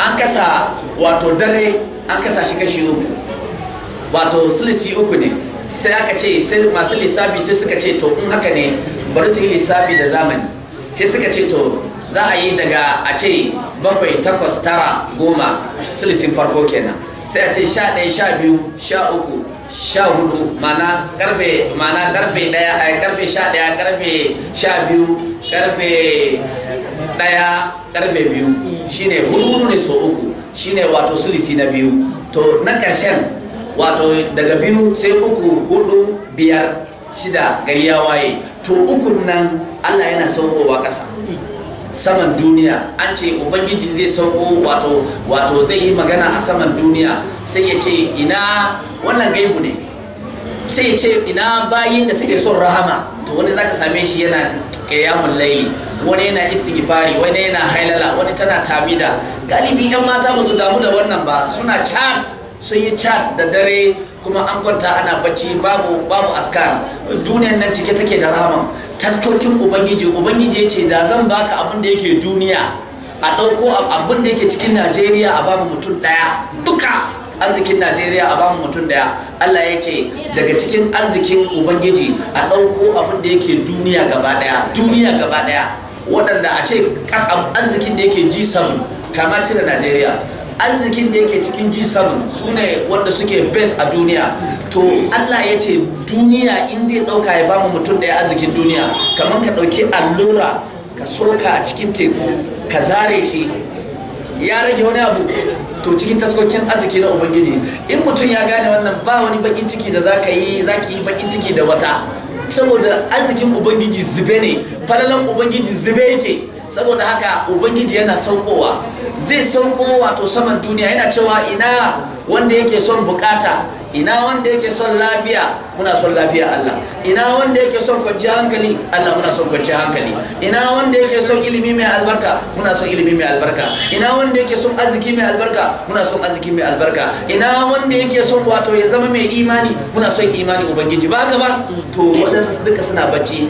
an kasa wato dare an kasa shi kashi uku wato silisi uku ne sai aka ce masu lissafi sai suka ce to in haka ne bari su yi lissafi da zamani sai suka ce to za a yi daga a ce bakwai takwas tara goma silisin farko kenan sai a ce sha ɗaya sha biyu sha uku sha hudu mana karfe mana karfe ɗaya karfe eh, sha ɗaya karfe sha biyu karfe ɗaya karfe biyu shine hudu ne so uku shine wato sulisi na biyu to na karshen wato daga biyu sai uku hudu biyar shida gari ya waye to uku nan Allah yana saukowa ƙasa saman duniya an ce ubangiji zai sauko wato wato zai yi magana a saman duniya sai ya ce ina wannan gaibu ne sai ce ina bayin da suke son rahama to wani zaka same shi yana kayamun laili wani yana istighfari wani yana hailala wani tana tamida galibi yan mata ba su damu da wannan ba suna can sun yi can da dare kuma an kwanta ana bacci babu babu askar duniyar nan cike take da rahama taskokin ubangiji ubangiji ce da zan baka abin da yake duniya a ɗauko abin da yake cikin najeriya a babu mutum ɗaya duka arzikin najeriya a bamu mutum daya allah ya ce daga cikin arzikin ubangiji a ɗauko abin da yake duniya gaba daya duniya gaba daya waɗanda a ce arzikin da yake g7 kama cire najeriya arzikin da yake cikin g7 su ne wanda suke best a duniya to allah ya ce duniya in zai ɗauka ya bamu mutum daya arzikin duniya kamar ka ɗauki allura ka soka a cikin teku ka zare shi ya rage wani abu to cikin taskokin arziki na ubangiji in mutum ya gane wannan ba wani bakin ciki da zaka yi zaki yi bakin ciki da wata saboda arzikin ubangiji zube ne falalan ubangiji zube yake saboda haka ubangiji yana saukowa zai saukowa to saman duniya yana cewa ina wanda yake son bukata ina wanda yake son lafiya muna son lafiya Allah ina wanda yake son kwanciyar hankali Allah muna son kwanciyar hankali ina wanda yake son ilimi mai albarka muna son ilimi mai albarka ina wanda yake son arziki mai albarka muna son arziki mai albarka ina wanda yake son wato ya zama mai imani muna son imani ubangiji ba ka ba to wadansu duka suna bacci